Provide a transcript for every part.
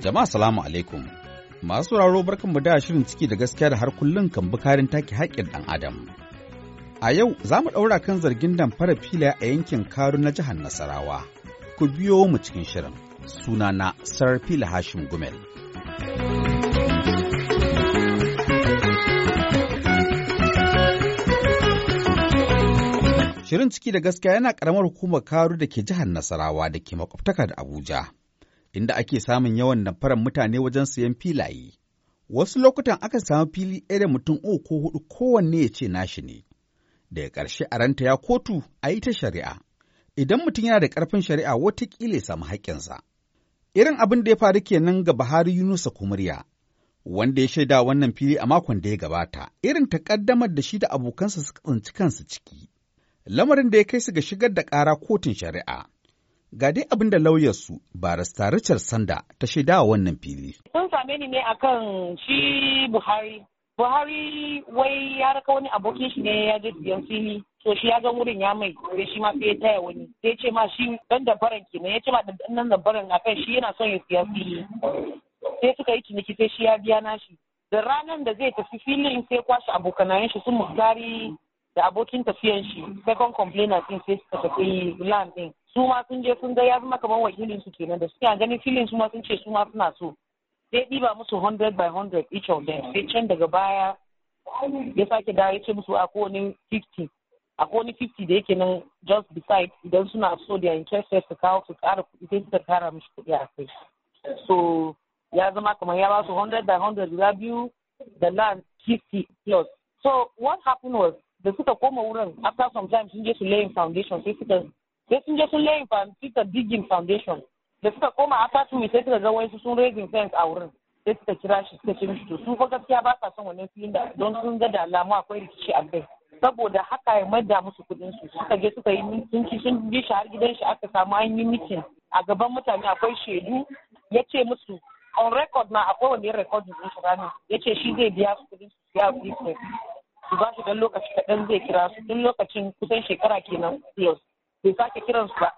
Jama'a salamu alaikum. Masu sauraro barkanmu da shirin ciki da gaskiya da har kullum kan bukarin take haƙƙin ɗan adam. A yau za mu ɗaura kan zargin damfara fila a yankin Karu na jihar Nasarawa. Ku biyo mu cikin shirin. Sunana Sarar Fila Hashim Gumel. Shirin ciki da gaskiya yana karamar hukumar karu da ke jihar Nasarawa da ke makwabtaka da Abuja, inda ake samun yawan nafarar mutane wajen sayan filaye. Wasu lokutan aka samu fili ɗaya da mutum uku ko hudu kowanne ya ce nashi ne. Daga ƙarshe a ranta ya kotu a yi ta shari'a. Idan mutum yana da ƙarfin shari'a watakila ya samu haƙƙinsa. Irin abin da ya faru kenan ga Buhari Yunusa Kumurya, wanda ya shaida wannan fili a makon da ya gabata, irin takaddamar da shi da abokansa suka tsinci kansu ciki. lamarin da ya kai su ga shigar da ƙara kotun shari'a. Ga dai abin da lauyarsu barista Richard Sanda ta shaida wa wannan fili. Sun same ni ne akan shi Buhari. Buhari wai ya raka wani abokin shi ne ya je biyan fili. to shi ya ga wurin ya mai kore shi ma sai ya taya wani sai ce ma shi dan dabaran ke ya ce ma dan dabaran akan shi yana son ya siya fili sai suka yi ciniki sai shi ya biya nashi da ranar da zai tafi filin sai kwashe abokanayen shi sun muktari da abokin tafiyan shi second complainant din sai suka tafi land din su ma sun je sun ga ya zama kamar wakilin su kenan da suke ganin filin su ma sun ce su ma suna so sai ɗiba musu 100 by 100 each of them sai can daga baya ya sake dawo ya ce musu a kowane 50 a kowane 50 da yake nan just beside idan suna so da interested su kawo su kara kuɗi sai suka kara mishi kuɗi a kai so ya zama kamar ya ba su 100 by 100 guda biyu da land 50 plus so what happened was da suka koma wurin after some time sun je su laying foundation sai suka sai sun je sun laying suka digging foundation da suka koma after two weeks sai suka ga wasu sun raising fence a wurin sai suka kira shi suka ce mishi to su fa gaskiya ba sa son wannan filin da don sun ga da alamu akwai rikici a kai saboda haka ya maida musu kuɗin su suka je suka yi ci sun bi shi har gidan shi aka samu an yi mitin a gaban mutane akwai shaidu ya ce musu on record na akwai wani record din shi ya ce shi zai biya su kuɗin su biya su su ba shi dan lokaci kaɗan zai kira su tun lokacin kusan shekara kenan yau bai sake kiran su ba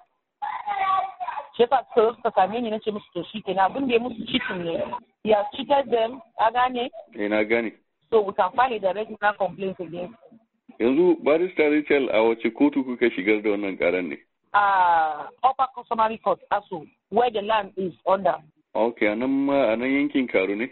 shi ta so zo same ni nace musu to shi kenan abin da ya musu cikin ne ya cheated them a gane eh na gane so we can file a direct complaint against yanzu barista Rachel a wace kotu kuka shigar da wannan karan ne a ah, upper customary court aso where the land is under okay anan ma anan yankin karu ne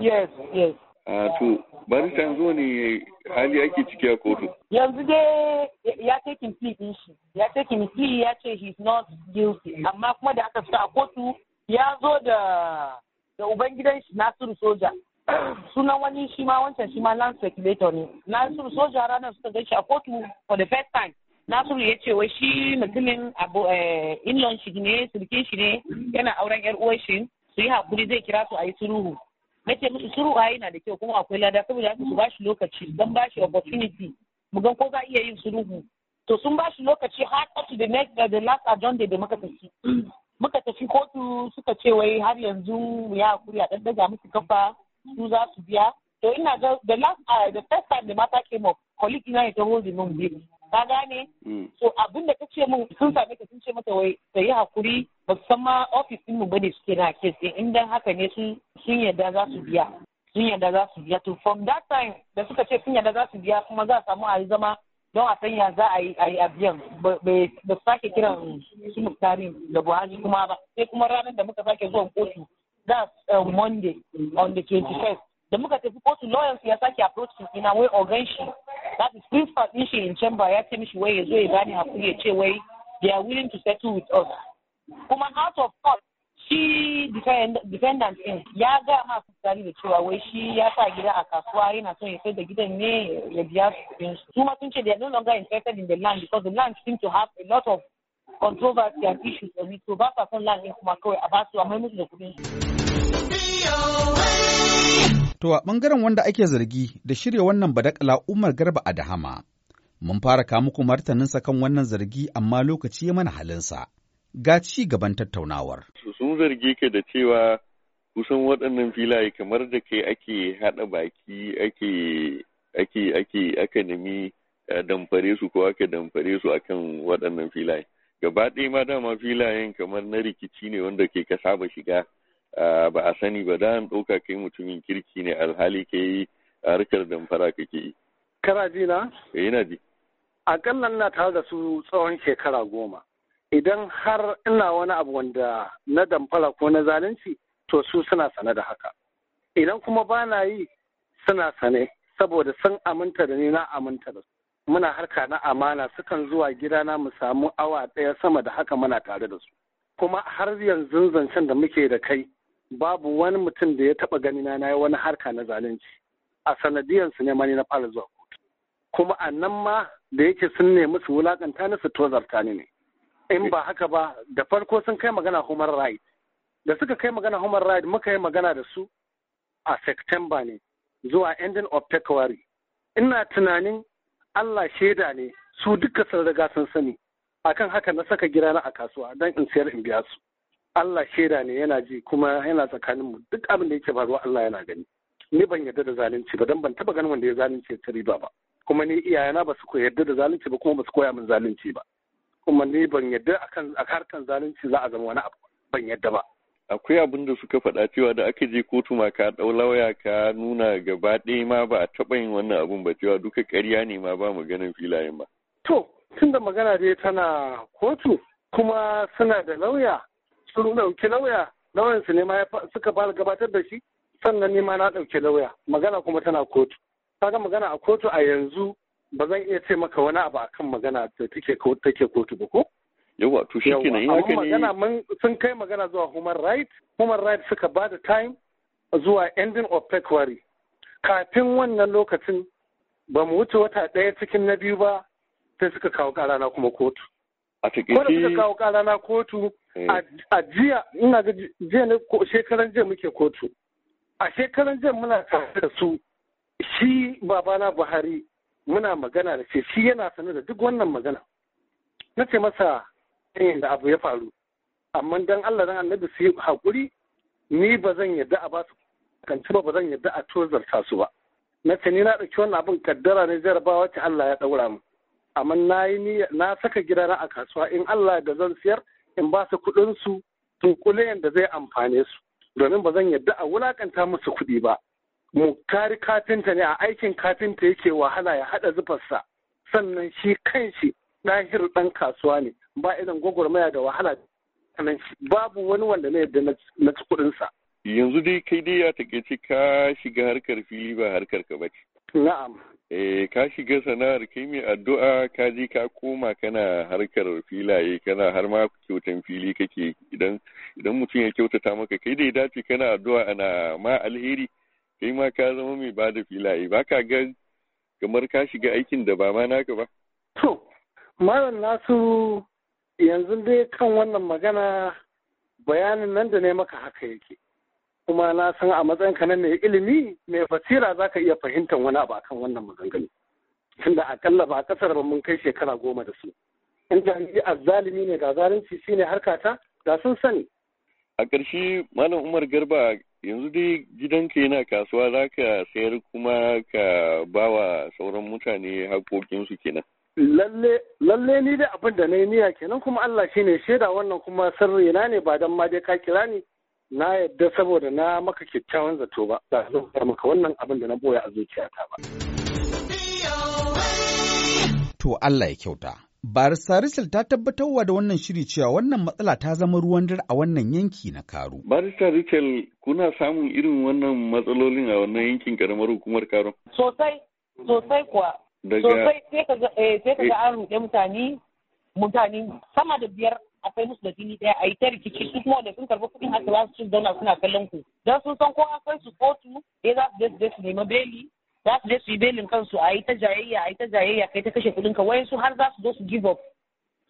yes yes A to, bari can zo ne hali ake ciki a kotu. Yanzu dai ya taking plea din shi, ya taking plea ya ce he's not guilty, amma kuma da aka fita a kotu ya zo da da ubangidan shi Nasiru Soja. Sunan wani shi ma wancan shi ma land speculator ne. Nasiru Soja ranar suka gan shi a kotu for the first time. Nasiru ya ce wai shi mutumin abu eh, inlon shi ne, surukin shi ne, yana auren 'yar uwar shi, su yi hakuri zai kira su a yi suruhu. na ce musu shiru yana da kyau kuma akwai lada saboda haka su bashi lokaci don bashi opportunity mu gan ko za iya yin ruhu to sun bashi lokaci har up to the next uh, the last agenda da muka tafi muka tafi kotu suka ce wai har yanzu ya hakuri a dan daga musu kafa su za su biya to ina ga the last uh, the first time da mata came up colleague ina ita hold the biyu ka gane mm. so abin da kace mun sun same ka sun ce mata wai sai yi hakuri ba ma ofis mu ba ne suke na kes ɗin in dan haka ne sun yadda za su biya sun yadda za su biya to from that time da suka ce sun yadda za su biya kuma za a samu a zama don a sanya za a yi a yi abiyan ba sake kiran su muktarin da buhari kuma ba sai kuma ranar da muka sake zuwa kotu that um, monday on the twenty-first. da muka tafi kotu lawyers ya sake approach ina wai ogan shi that is principal din shi in chamber ya ce mishi wai ya zo ya bani hakuri ya ce wai they are willing to settle with us kuma out of all shi defendant din ya ga ma tsari da cewa wai shi ya sa gida a kasuwa yana son ya sai da gidan ne ya biya su kuɗin su kuma sun ce da are no longer interested in the land because the land seem to have a lot of controversy and issues da we so ba sa son land din kuma kawai a ba su amma musu da kuɗin su. To a ɓangaren wanda ake zargi da shirya wannan badakala Umar Garba a Dahama, mun fara kamuku martaninsa kan wannan zargi amma lokaci ya mana halinsa. ga ci gaban tattaunawar. Sun zargi ka da cewa kusan waɗannan filaye kamar da kai ake haɗa baki ake ake ake aka nemi damfare su ko aka damfare su akan waɗannan filaye. Gaba ɗaya ma dama filayen kamar na rikici ne wanda ke ka saba shiga ba a sani ba da an ɗauka kai mutumin kirki ne alhali yi harkar damfara kake yi. Kana ji na? yana eh, ji. na tare da su tsawon shekara goma. idan har ina wani abu wanda na damfara ko na zalunci to su suna sane da haka idan kuma ba na yi suna sane saboda sun aminta da ni na aminta da su muna harka na amana sukan zuwa gidana mu samu awa ɗaya sama da haka muna tare da su kuma har yanzu zancen da muke da kai babu wani mutum da ya taɓa gani na yi wani harka na zalunci a su ne mani na fara zuwa kotu kuma a nan ma da yake sun nemi su wulakanta ni su tozarta ni ne in ba haka ba da farko sun kai magana human right da suka kai magana human right muka yi magana da su a september ne zuwa ending of february ina tunanin allah shaida ne su duka sun riga sun sani akan haka na saka gidana a kasuwa don in sayar in biya su allah shaida ne yana ji kuma yana tsakanin mu duk abin da yake faruwa allah yana gani ni ban yarda da zalunci ba don ban taba ganin wanda ya zalunci ya riba ba kuma ni iyayena ba su yarda da zalunci ba kuma ba su koya min zalunci ba kuma ni ban yadda akan a harkar zalunci za a zama wani abu ban yadda ba akwai abin da suka faɗa cewa da aka je kotu ma ka ɗau lauya ka nuna gaba ɗaya ma ba a taɓa yin wannan abun ba cewa duka ƙarya ne ma ba maganin filayen ba. To, tun da magana dai tana kotu kuma suna da lauya, sun ɗauki lauya, lauyansu ne ma suka fara gabatar da shi, sannan ne ma na ɗauki lauya, magana kuma tana kotu. ga magana a kotu a yanzu ba zan iya ce maka wani abu akan magana da take take kotu ba ko yawa to shi kenan in haka ne magana mun sun kai magana zuwa human right. human right suka ba da time zuwa ending of february kafin wannan lokacin ba mu wuce wata ɗaya cikin na biyu ba sai suka kawo na kuma kotu a cikin ko da suka kawo na kotu eh. a jiya ina ga jiya ne shekaran jiya muke kotu a shekaran jiya muna tare da su shi babana buhari muna magana da ce shi yana sane da duk wannan magana na ce masa yanayin da abu ya faru amma dan Allah dan annabi su yi hakuri ni ba zan yadda a basu kanci ba ba zan yadda a tozarta su ba na ce ni na ɗauki wannan abin kaddara ne jarabawa ce Allah ya ɗaura mu amma na yi na saka na a kasuwa in Allah da zan siyar in ba su kuɗin su tunkule da zai amfane su domin ba zan yadda a wulakanta musu kuɗi ba mukari kafinta ne a aikin kafinta yake wahala ya haɗa zufarsa sannan shi kanshi ɗahir ɗan kasuwa ne ba idan gwagwarmaya da wahala nan babu wani wanda na yadda na ci kuɗinsa. yanzu dai kai dai ya takaice ka shiga harkar fili ba harkar ka bace. na'am eh ka shiga sana'ar kai mai addu'a ka je ka koma kana harkar filaye kana har ma kyautan fili kake idan mutum ya kyautata maka kai dai ya dace kana addu'a ana ma alheri kai ma ka zama mai ba da filaye ba ka ga kamar ka shiga aikin da ba ma naka ba. To, malam nasu yanzu dai kan wannan magana bayanin nan da ne maka haka yake. Kuma na san a matsayin ka nan ne ilimi mai fasira za ka iya fahimtar wani abu akan wannan maganganu. Tunda akalla ba kasar ba mun kai shekara goma da su. In jami'i azzalimi ne ga zalunci shine harkata da sun sani. A ƙarshe Malam Umar Garba yanzu dai gidanka yana kasuwa za ka sayar kuma ka ba wa sauran mutane haƙoƙinsu kenan. Lalle ni dai abin da na yi niyya kenan kuma Allah shi ne shaida wannan kuma sirri na ne ba don ma dai ka kira ni na yadda saboda na maka kyakkyawan zato ba da zan maka wannan abin da na boya a zuciyata ba. To Allah ya kyauta. Barista Rizal ta tabbatarwa da wannan shiri cewa wannan matsala ta zama ruwan dare a wannan yanki na Karo. Barista Rizal kuna samun irin wannan matsalolin a wannan yankin karamar hukumar Karo? Sosai, sosai kuwa. Daga... Sosai eh, sai ka ga an ruɗe mutane, mutane sama da biyar a kai musu da jini ɗaya a yi ta rikici su kuma da sun karɓi kuɗin asibiti su zauna suna kallon ku. Dan sun san ko an kai su kotu, ya eh, za su je su nemi beli, za su je su yi belin kansu a yi ta jayayya a yi ta jayayya kai ta kashe kudin ka wayansu har za su zo su give up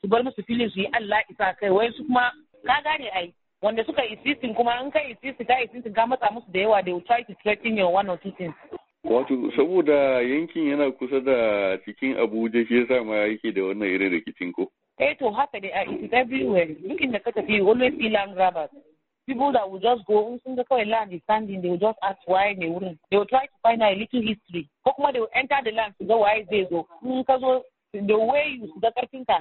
su bar musu filin su yi Allah isa kai wayansu kuma ka gane ai wanda suka insisting kuma in ka insist ka insist ka matsa musu da yawa they will try to threaten your one or two things Wato saboda yankin yana kusa da cikin Abuja shi yasa ma yake da wannan irin rikicin ko? Eh to haka dai a it is everywhere. yankin da ka tafi always feel land people that would just go, the oh, land is standing, they would just ask why they wouldn't. They would try to find out a little history. Kokuma, they would enter the land to go, why is they go. Because mm, the way you Sudaka thinker,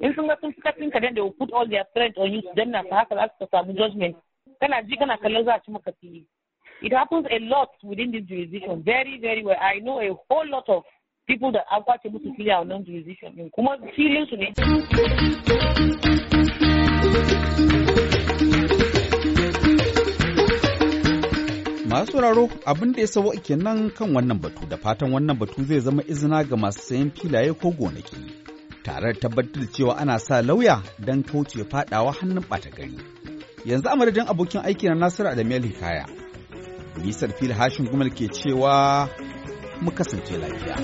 in Singapore, Sudaka then they will put all their strength on you, then Nasahaka ask for some judgment. It happens a lot within this jurisdiction, very, very well. I know a whole lot of people that are quite able to clear our non jurisdiction. Masu sauraro abin da ya sawo nan kan wannan batu da fatan wannan batu zai zama izina ga masu sayan filaye ko gonaki. Tare da tabbatar da cewa ana sa lauya don kauce fadawa hannun bata gari. Yanzu a madadin abokin aiki na Nasiru Adamiyar Hikaya. Nisar fil hashin gumal ke cewa mu kasance lafiya.